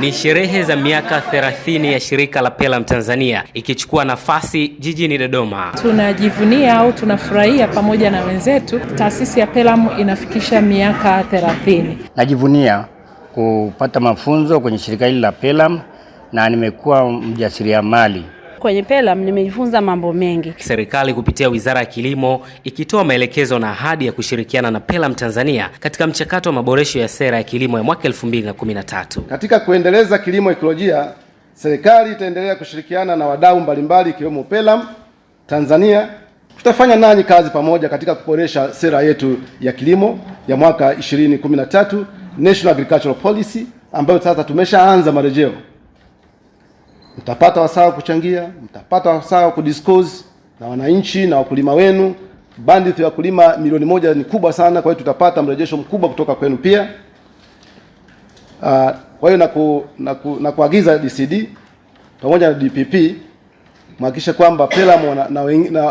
Ni sherehe za miaka 30 ya shirika la pelam Tanzania ikichukua nafasi jijini Dodoma. Tunajivunia au tunafurahia pamoja na wenzetu, taasisi ya pelam inafikisha miaka 30. Najivunia kupata mafunzo kwenye shirika hili la pelam na nimekuwa mjasiriamali. Kwenye Pelham nimejifunza mambo mengi. Serikali kupitia Wizara ya Kilimo ikitoa maelekezo na ahadi ya kushirikiana na Pelham Tanzania katika mchakato wa maboresho ya sera ya kilimo ya mwaka 2013. Katika kuendeleza kilimo ekolojia, serikali itaendelea kushirikiana na wadau mbalimbali ikiwemo Pelham Tanzania. Tutafanya nanyi kazi pamoja katika kuboresha sera yetu ya kilimo ya mwaka 2013 National Agricultural Policy ambayo sasa tumeshaanza marejeo mtapata wasaa wa kuchangia, mtapata wasaa wa kudiscuss na wananchi na wakulima wenu. Bandwidth ya wakulima milioni moja ni kubwa sana, kwa hiyo tutapata mrejesho mkubwa kutoka kwenu pia. Uh, kwa hiyo na naku, nakuagiza DCD pamoja na DPP mhakikishe kwamba Pelamo na, na,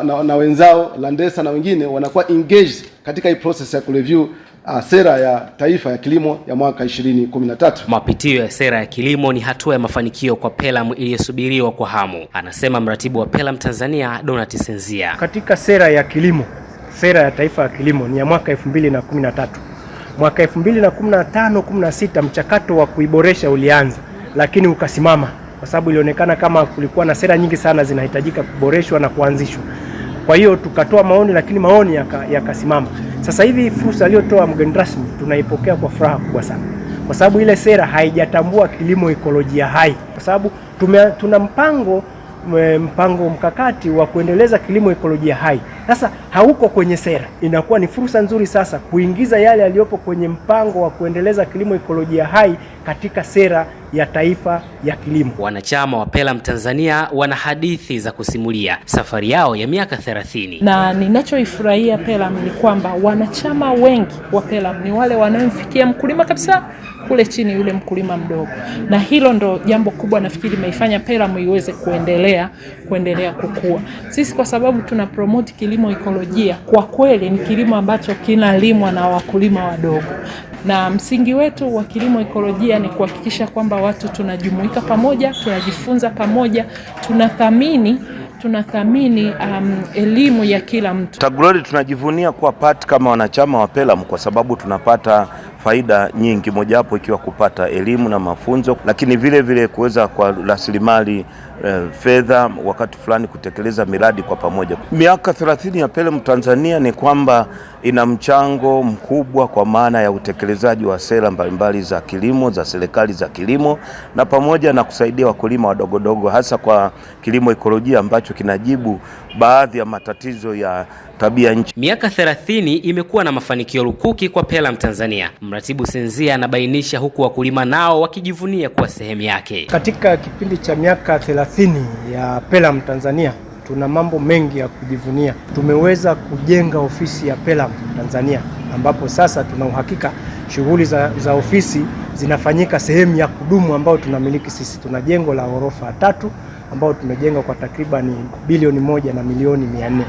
na, na wenzao Landesa na wengine wanakuwa engaged katika hii process ya kureview Ah, sera ya taifa ya kilimo ya mwaka 2013. Mapitio ya sera ya kilimo ni hatua ya mafanikio kwa pelam iliyosubiriwa kwa hamu, anasema mratibu wa pelam Tanzania donat Senzia. Katika sera ya kilimo, sera ya taifa ya kilimo ni ya mwaka 2013. Mwaka 2015 16 mchakato wa kuiboresha ulianza, lakini ukasimama kwa sababu ilionekana kama kulikuwa na sera nyingi sana zinahitajika kuboreshwa na kuanzishwa. Kwa hiyo tukatoa maoni, lakini maoni yakasimama yaka. Sasa hivi fursa aliyotoa mgeni rasmi tunaipokea kwa furaha kubwa sana, kwa sababu ile sera haijatambua kilimo ekolojia hai, kwa sababu tuna mpango mpango mkakati wa kuendeleza kilimo ekolojia hai. Sasa hauko kwenye sera, inakuwa ni fursa nzuri sasa kuingiza yale yaliyopo kwenye mpango wa kuendeleza kilimo ekolojia hai katika sera ya taifa ya kilimo. Wanachama wa Pelum Tanzania wana hadithi za kusimulia safari yao ya miaka 30. Na ninachoifurahia Pelum ni kwamba wanachama wengi wa Pelum ni wale wanaomfikia mkulima kabisa kule chini, yule mkulima mdogo, na hilo ndo jambo kubwa nafikiri imeifanya Pelum iweze kuendelea kuendelea kukua. Sisi kwa sababu tuna promote kilimo ekolojia, kwa kweli ni kilimo ambacho kinalimwa na wakulima wadogo na msingi wetu wa kilimo ekolojia ni kuhakikisha kwamba watu tunajumuika pamoja, tunajifunza pamoja, tunathamini tunathamini um, elimu ya kila mtu. TAGLORI tunajivunia kuwa part kama wanachama wa PELAM kwa sababu tunapata faida nyingi, mojawapo ikiwa kupata elimu na mafunzo, lakini vile vile kuweza kwa rasilimali Eh, fedha wakati fulani kutekeleza miradi kwa pamoja. Miaka 30 ya Pele Tanzania ni kwamba ina mchango mkubwa kwa maana ya utekelezaji wa sera mbalimbali za kilimo za serikali za kilimo na pamoja na kusaidia wakulima wadogodogo hasa kwa kilimo ekolojia ambacho kinajibu baadhi ya matatizo ya tabia nchi. Miaka 30 imekuwa na mafanikio lukuki kwa PELAM Tanzania. Mratibu Senzia anabainisha huku wakulima nao wakijivunia kuwa sehemu yake. Katika kipindi cha miaka 30 ya pelam Tanzania tuna mambo mengi ya kujivunia. Tumeweza kujenga ofisi ya pelam Tanzania ambapo sasa tuna uhakika shughuli za, za ofisi zinafanyika sehemu ya kudumu ambayo tunamiliki sisi. Tuna jengo la ghorofa tatu ambayo tumejenga kwa takribani bilioni moja na milioni mia nne.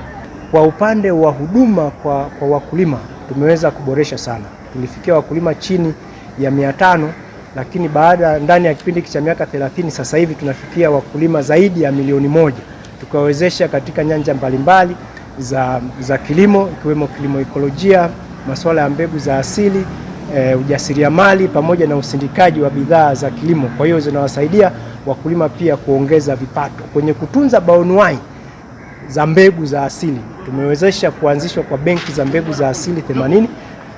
Kwa upande wa huduma kwa, kwa wakulima tumeweza kuboresha sana, tulifikia wakulima chini ya mia tano lakini baada ndani ya kipindi cha miaka 30 sasa hivi tunafikia wakulima zaidi ya milioni moja tukawezesha katika nyanja mbalimbali za, za kilimo ikiwemo kilimo ekolojia, masuala ya mbegu za asili e, ujasiriamali pamoja na usindikaji wa bidhaa za kilimo. Kwa hiyo zinawasaidia wakulima pia kuongeza vipato. Kwenye kutunza bioanuwai za mbegu za asili tumewezesha kuanzishwa kwa benki za mbegu za asili 80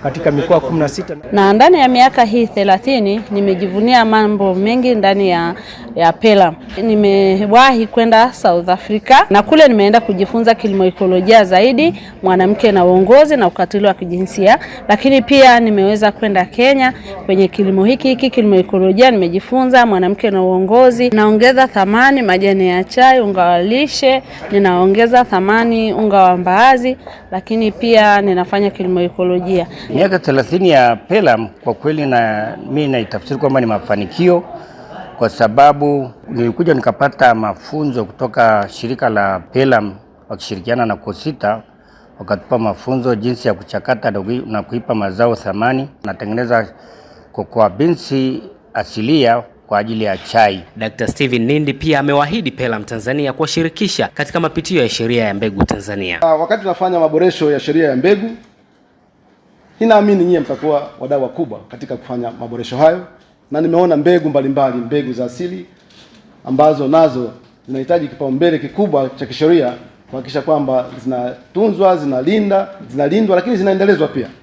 katika mikoa 16 na ndani ya miaka hii 30 nimejivunia mambo mengi ndani ya, ya Pelham. Nimewahi kwenda South Africa na kule nimeenda kujifunza kilimoikolojia zaidi, mwanamke na uongozi na ukatili wa kijinsia, lakini pia nimeweza kwenda Kenya kwenye kilimo hiki hiki kilimoikolojia, nimejifunza mwanamke na uongozi. Naongeza thamani majani ya chai, unga wa lishe, ninaongeza thamani unga wa mbaazi lakini pia ninafanya kilimo ekolojia. Miaka 30 ya pelam kwa kweli, na mimi naitafsiri kwamba ni mafanikio kwa sababu nilikuja nikapata mafunzo kutoka shirika la pelam wakishirikiana na Kosita wakatupa mafunzo jinsi ya kuchakata na kuipa mazao thamani. Natengeneza kokoa binsi asilia kwa ajili ya chai. Dr. Steven Nindi pia amewaahidi PELAM Tanzania kuwashirikisha katika mapitio ya sheria ya mbegu Tanzania. Ah, wakati tunafanya maboresho ya sheria ya mbegu, ninaamini nyie mtakuwa wadau wakubwa katika kufanya maboresho hayo, na nimeona mbegu mbalimbali mbegu za asili ambazo nazo zinahitaji kipaumbele kikubwa cha kisheria kuhakikisha kwamba zinatunzwa, zinalinda, zinalindwa lakini zinaendelezwa pia.